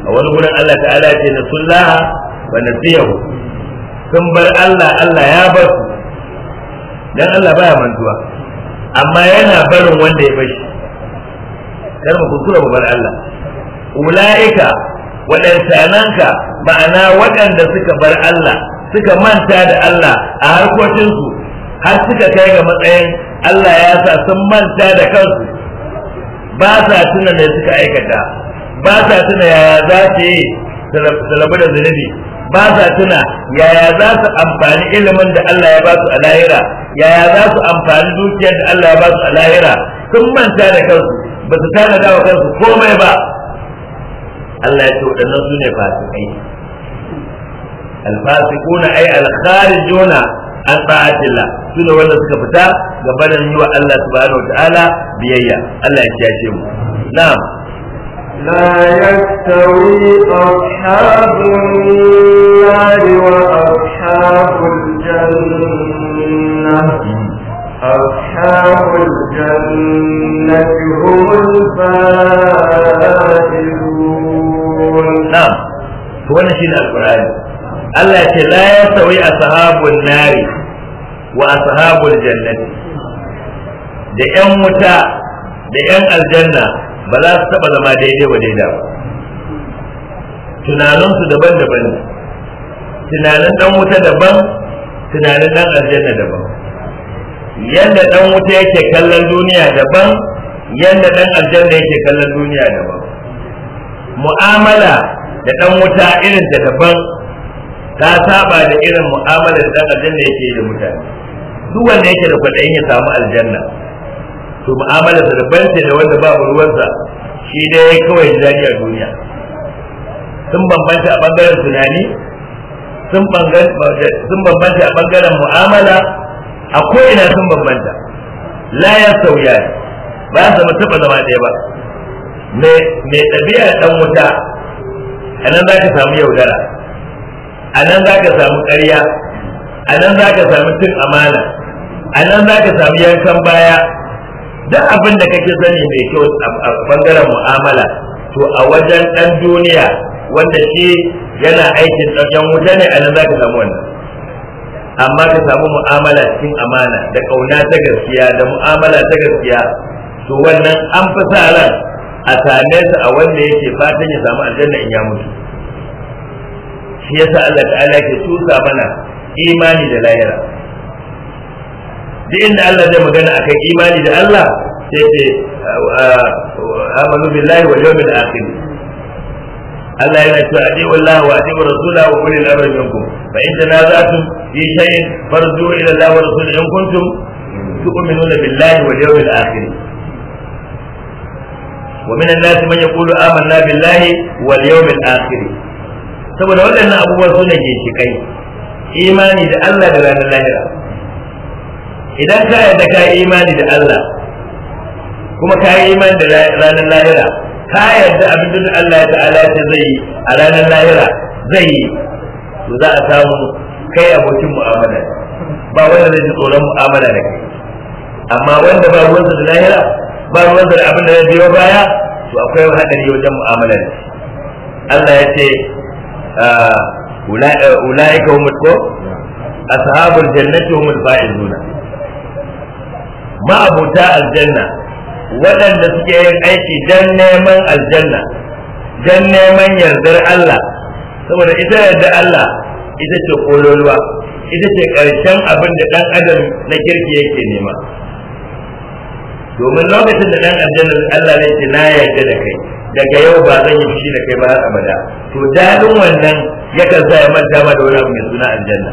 a wani gurin Allah ta'ala ce na sullaha wa nasiyahu sun bar Allah Allah ya bar su dan Allah baya mantuwa amma yana barin wanda ya bashi kar mu kuskura mu bar Allah ulaika waɗansananka ma'ana waɗanda suka bar Allah suka manta da Allah a harkokinsu har suka kai ga matsayin Allah ya sa sun manta da kansu ba sa tuna ne suka aikata ba sa tuna yaya za su yi salabu da zunubi ba sa tuna yaya za su amfani ilimin da Allah ya ba su a lahira yaya za su amfani dukiyar da Allah ya ba su a lahira sun manta da kansu ba su tana da kansu komai ba Allah ya ce waɗannan su ne fasikai alfasikuna ai alkharijuna an ta'atillah su ne wanda suka fita ga barin yi wa Allah subhanahu wataala biyayya Allah ya kiyaye mu na'am لا يستوي أصحاب النار wa ashabul jannati da 'yan wuta da 'yan aljanna ba za su taɓa zama daidai wa daidai ba tunaninsu daban-daban ne tunanin ɗan wuta daban tunanin ɗan aljanna daban yadda ɗan wuta yake kallon duniya daban yadda ɗan aljanna yake kallon duniya daban mu'amala da ɗan wuta irin da daban ka saba da irin mu'amalar da dan da yake da mutane duk wanda yake da kwaɗayin ya samu aljanna to mu'amalar da ban da wanda ba ruwansa shi dai kawai jari a duniya sun bambanta a bangaren tunani sun bambanta a bangaren mu'amala a ko'ina sun bambanta la ya sauya ba zama taɓa zama ɗaya ba mai ɗabi'ar ɗan wuta a nan za ka samu yaudara a nan za ka samu ƙarya a nan za ka samu cin amana a nan za ka samu yankan baya duk abin da kake sani mai kyau a bangaren mu'amala to a wajen ɗan duniya wanda shi yana aikin ɗan wuta ne a nan za ka samu wannan amma ka samu mu'amala cikin amana da ƙauna ta gaskiya da mu'amala ta gaskiya to wannan an fi sa ran a same su a wanda yake fatan ya samu aljanna in ya mutu shi yasa Allah ta'ala ke tusa mana imani da lahira duk inda Allah zai magana akan imani da Allah sai ce ah, amanu billahi wal yawmil akhir Allah yana cewa adiyu Allah wa adiyu rasula wa ulil amri minkum fa in tanaza'tum fi shay'in fardu ila Allah wa rasul in kuntum tu'minuna billahi wal yawmil akhir ومن الناس من يقول آمنا بالله واليوم الآخر saboda waɗannan abubuwa su ne ginshikai imani da Allah da ranar lahira idan ka yarda ka yi imani da Allah kuma ka yi imani da ranar lahira ka yarda abin da Allah ya ta'ala ya zai yi a ranar lahira zai yi to za a samu kai abokin mu'amala ba wanda zai ji tsoron mu'amala da kai amma wanda ba ruwansa da lahira ba ruwansa da abin da zai biyo baya to akwai hadari wajen mu'amala da shi Allah ya ce ulaika hum ko ashabul jannati hum al-faizun ma abuta aljanna waɗanda suke yin aiki dan neman aljanna dan neman yardar Allah saboda ita yardar Allah ita ce kololuwa ita ce ƙarshen abin da ɗan adam na kirki yake nema domin lokacin da dan aljanna Allah ne ce na yarda da kai daga yau ba zan yi fushi da kai ba har abada to dadin wannan yakan sa ya manta ma da wani abu mai suna aljanna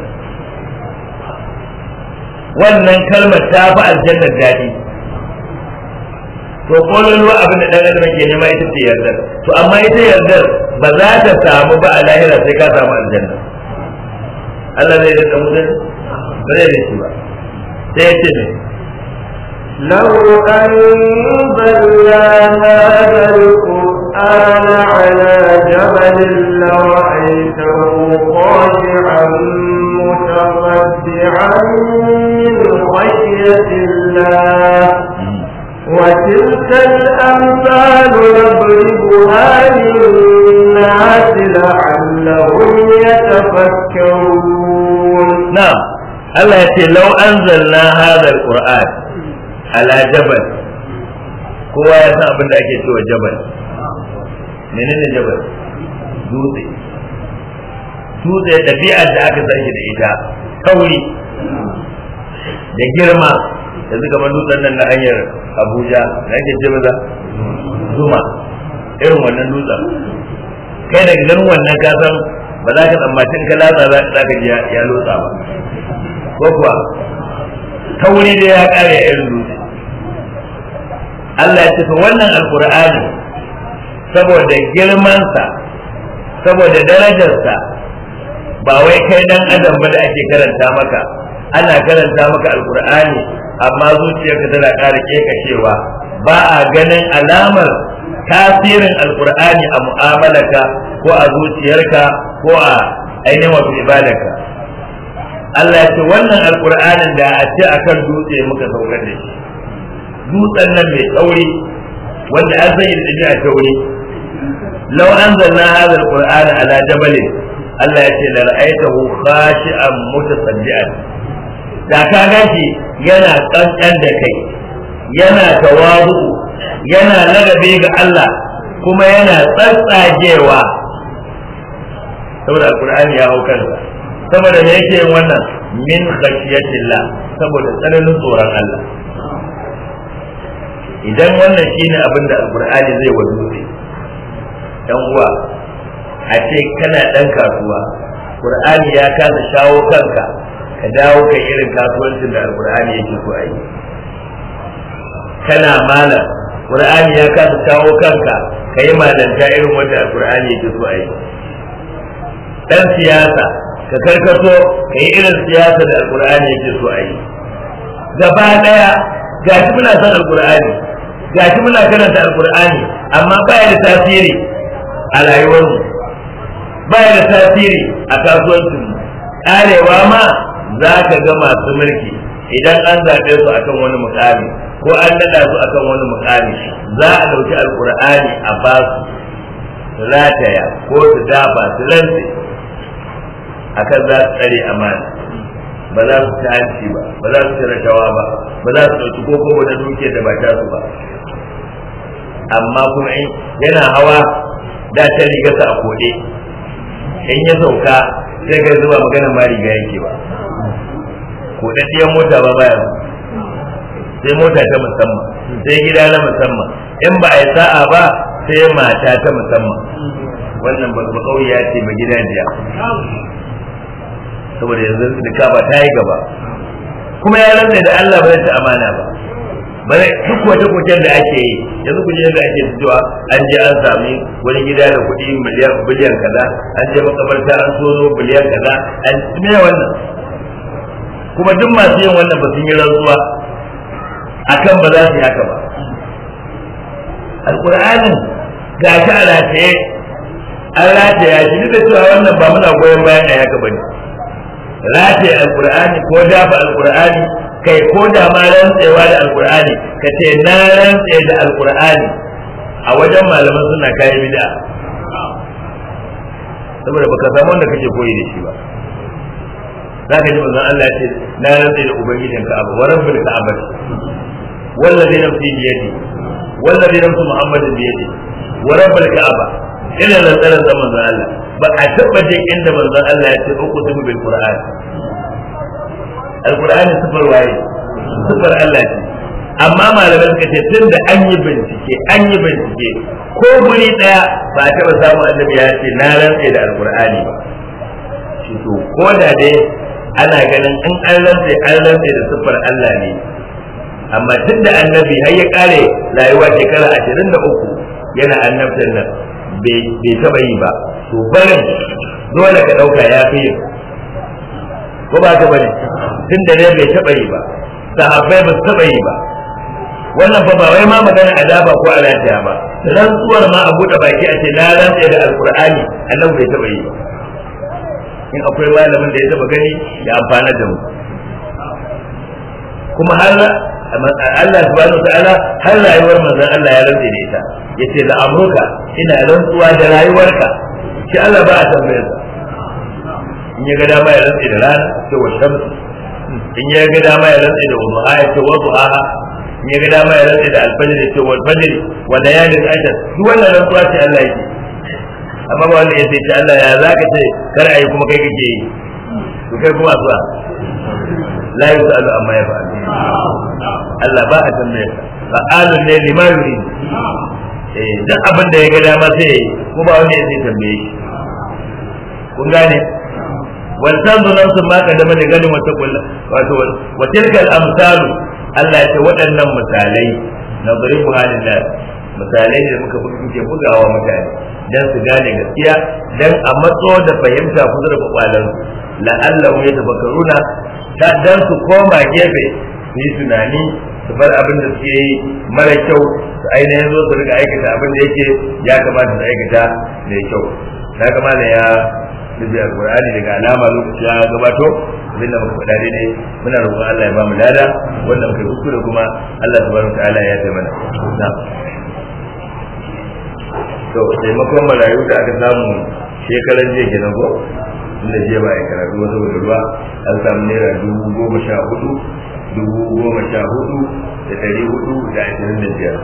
wannan kalmar ta fi aljanna dadi to wa abin da dan adam ke nema ita ce yardar to amma ita yardar ba za ta samu ba a lahira sai ka samu aljanna Allah zai da mutum ba zai shi ba sai ya ce ne لو أنزلنا هذا القرآن على جبل لرأيته خاشعا متصدعا من خشية الله وتلك الأمثال نضربها للناس لعلهم يتفكرون نعم الله يقول لو أنزلنا هذا القرآن ala jabal kowa ya san abin da ake cewa jabal menene jabal dutse dutse ɗabi'ar da aka san da ita kauri da girma da suka ba dutsen nan na hanyar abuja da ake ce maza zuma irin wannan dutsen kai daga ganin wannan kasan ba za ka tsammaci ka latsa za ka ji ya lotsa ba ko kuwa kauri da ya kare irin dutse Allah ya tafi wannan alkur'ani saboda girmansa saboda darajarsa ba wai kai dan adam ba da ake karanta maka ana karanta maka alkur'ani amma zuciyarka tana ƙara kekashewa ba a ganin alamar tasirin alkur'ani a mu'amalarka ko a zuciyarka ko a ainihin wato ibadarka Allah ya ce wannan alkur'anin da a ce akan dutse muka saukar da shi dutsen nan mai tsauri wanda an san yadda ji a tauri law anzalna hadha alquran ala jabalin Allah ya ce la ra'aytahu khashi'an mutasaddian da ka gashi yana kankan da kai yana tawadu yana lagabe ga Allah kuma yana tsatsagewa saboda alqur'ani ya hau kansa saboda me yake yin wannan min khashiyatillah saboda tsananin tsoron Allah idan wannan shine abin da alkur'ani zai wadusi dan uwa a ce kana dan kasuwa qur'ani ya kasa shawo kanka ka dawo ka irin kasuwancin da alkur'ani yake so a yi kana malam qur'ani ya kasa shawo kanka ka yi malanta irin wanda alkur'ani yake so a yi dan siyasa ka karkato ka yi irin siyasa da alkur'ani yake so a yi gaba daya ga shi muna son alkur'ani gashi muna karanta alkur'ani amma baya da tasiri a rayuwarmu baya da tasiri a kasuwancinmu arewa ma za ka ga masu mulki idan an zaɓe su akan wani mukami ko an naɗa su akan wani mukami za a ɗauki alkur'ani a ba su rataya ko su dafa su rantse akan za su tsare amana ba za su tashi ba ba za su tara rashawa ba ba za su ɗauki ko kuma da duke da ba su ba amma kuma in yana hawa da ta rigarsa a koɗe in ya sauka sai ga zuba magana ma riga yake ba koɗaɗɗiyar mota ba baya sai mota ta musamman sai gida na musamman in ba a yi sa'a ba sai mata ta musamman wannan ba kauya ce ba gidajiya saboda yanzu da kaba ta yi gaba kuma ya rantsa da Allah ba ta amana ba bare duk wata kutar da ake yi yanzu kuje da ake fitowa an je an sami wani gida da kuɗi miliyan biliyan kaza an je makabarta an so zo biliyan kaza an me wannan kuma duk masu yin wannan ba sun yi rantsuwa akan ba za su yi haka ba alqur'ani ga ta a rataye an rataya shi duk da cewa wannan ba muna goyon bayan da haka bane rate alqur'ani ko dafa alqur'ani kai ko da ma rantsewa da alqur'ani ka ce na rantse da alqur'ani a wajen malaman suna kayan bid'a saboda baka samu wanda kake koyi da shi ba za ka ji manzon Allah ya ce na rantse da ubangijinka abu wa rabbil ka'aba wallazi nafsi biyadi wallazi nafsu muhammadin da yake wa rabbal ka'aba ina nan tsarin zaman Allah ba a taba jin inda manzon Allah ya ce uku zubu bil qur'an alqur'ani sifar waye sifar Allah ce amma malamai suka tun da an yi bincike an yi bincike ko guri ɗaya ba a taba samun annabi ya ce na rantse da alqur'ani ba ko da ana ganin in an rantse an rantse da siffar Allah ne amma tun da annabi har ya kare rayuwa shekara ashirin da uku yana annabtar nan bai taba yi ba to barin dole ka ɗauka ya fi yin ko ba ta bari tun da bai taba yi ba sahabbai ba su taba yi ba wannan fa ba wai ma magana azaba ko alajiya ba rantsuwar ma a buɗe baki a ce na rantsa da a annabi bai taba yi ba in akwai malamin da ya taba gani ya amfana da mu kuma har Allah subhanahu wa ta'ala har rayuwar manzon Allah ya rantsa da ita yace la amruka ina rantsuwa da rayuwarka shi Allah ba a tambaye sa in ya ga dama ya rantsa da rana ce wa shamsu in ya ga dama ya rantsa da wuha ya ce wa duha in ya ga dama ya rantsa da alfajr ya ce wa fajr wa layalin ajr duk wannan rantsuwa ce Allah yake amma ba wanda ya ce ta Allah ya zaka ce kar ayi kuma kai kake yi to kai kuma zuwa la yusalu amma ya fa'al Allah ba a ba alun ne lima yuri eh duk abin da ya ga dama sai ko ba wani ya sai tambaye shi kun gane wannan nan sun ba ka dama da ganin wata kullu wato wa tilkal amsalu Allah ya ce waɗannan misalai na zurifu halin da misalai da muka ke bugawa mutane dan su gane gaskiya dan a matso da fahimta kusa da kwakwalan la'allahu yatafakkaruna ta dan su koma gefe su tunani su bar abin da suke yi mara kyau su ainihin zo su riga aikata abin da yake ya kamata su aikata mai kyau Ta kama da ya rubi qurani daga alama lokaci ya gabato abinda muka faɗa daidai muna roƙon Allah ya mu lada wanda muka da kuma Allah subhanahu ta'ala ya taimana na to makon marayu da aka samu shekaran jiya kenan ko inda je ba ya karatu wata budurwa an samu naira dubu goma sha hudu dubu goma sha hudu da dari hudu da ashirin da biyar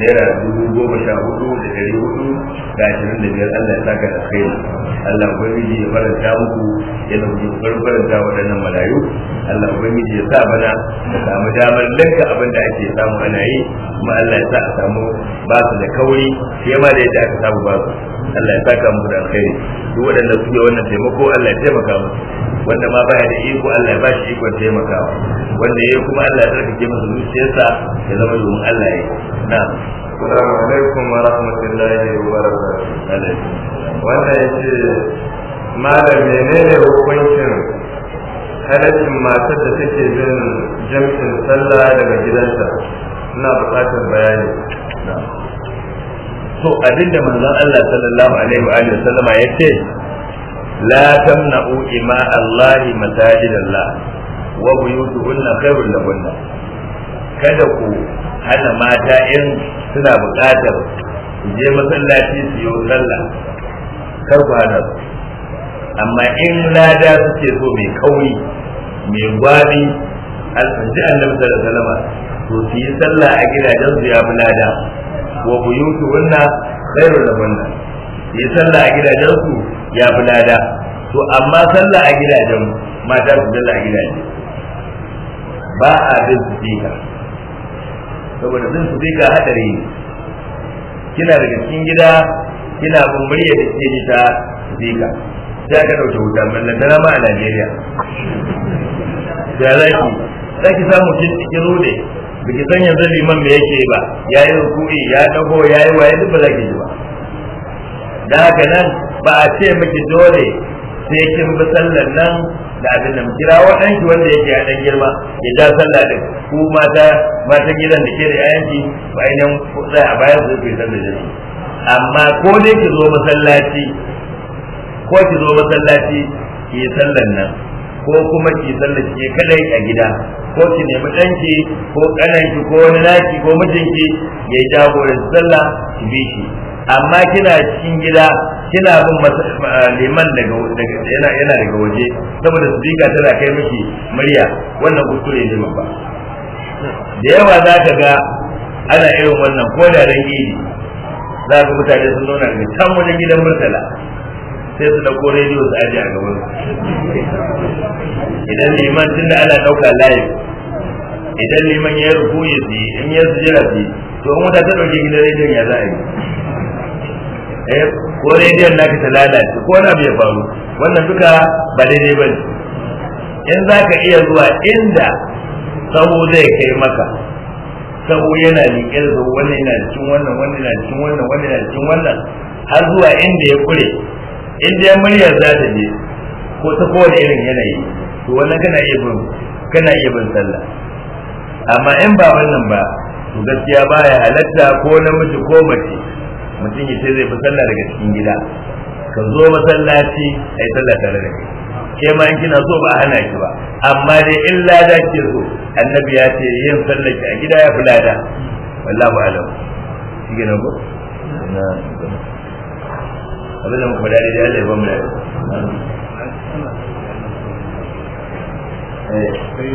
naira dubu goma sha hudu da dari hudu da ashirin da biyar Allah ya saka da kai Allah ubangiji ya faranta muku ya dauki ta waɗannan malayu Allah ubangiji ya sa bana da samu damar lanka abin da ake samu ana yi kuma Allah ya sa a samu ba su da kauri fiye ma da yadda aka samu ba su Allah ya saka muku da alkhairi duk waɗanda suke wannan taimako Allah ya taimaka musu wanda ma baya da iko Allah ya ba shi ikon taimakawa wanda ya kuma Allah ya tsarkake masa zuciyarsa ya zama domin Allah ya na Assalamu alaikum wa rahmatullahi wa barakatuh. Wannan yace malam menene hukuncin halaccin matar da take jin jam'in sallah daga gidanta? Ina buƙatar bayani. to abinda manzon Allah sallallahu alaihi wa alihi sallama yace la tamna'u ima Allah masajid Allah wa buyutuhunna khairul lakum kada ku hana mata in suna buƙatar je masallaci su yi sallah kar ku hana su amma in lada suke so mai kauri mai gwabi alfanci annabi sallallahu alaihi wasallam to su yi sallah a gidajen su ya fi lada wa buyutuhunna khairu lahunna yi sallah a gidajen su ya fi lada to amma sallah a gidajen mata su sallah a gidaje ba a bin su fika saboda bin su fika hadari ne kina daga cikin gida kina bin da ke ji ta fika sai aka dauke wuta ballantana ma a Najeriya da zaki zaki samu kin cikin rude biki san yanzu liman me yake ba yayi ruku'i ya dago yayi waye duk ba za ki ji ba da haka nan ba a ce miki dole sai kin bi sallar nan da abin nan kira waɗanki wanda yake ya dan girma ya ja sallah din ku mata mata gidan da ke da yayanki ba ainihin kuɗa a bayan su ku sallar da shi amma ko dai ki zo masallaci ko ki zo masallaci ki sallar nan ko kuma ki tsallake kadai a gida ko ki nemi danki ko kananki ko wani naki ko mijinki ya jagoran sallah ki bi shi amma kina cikin gida kina bin eh, liman daga yana yana daga waje saboda sadiqa tana kai miki murya wannan kuskure ne ba da yawa za ka ga ana irin wannan ko da dangi za ka mutane sun zauna daga can wajen gidan murtala sai su dauko rediyo su aje a gaban idan liman tun da ana dauka layi idan liman ya rufu ya ji in ya su jira ji to an wata ta dauke gidan rediyon ya za a yi eh ko rediyon naka ta lalace ko na bai faru wannan duka ba daidai ba ne in za ka iya zuwa inda sahu zai kai maka sahu yana liƙe da sahu wannan yana cikin wannan wannan yana cikin wannan wannan yana cikin wannan har zuwa inda ya kure in dai murya za ta je ko ta kowane irin yanayi to wannan kana iya bin kana iya bin sallah amma in ba wannan ba to gaskiya baya halatta ko namiji ko mace mutum ya ce zai fi sallah daga cikin gida ka zo masallaci a yi sallah tare da kai ke ma in kina so ba a hana ki ba amma dai in lada ke so annabi ya ce yin sallah a gida ya fi lada wallahu alam shi ne ko na abin da muka faɗa dai Allah ya ba mu lafiya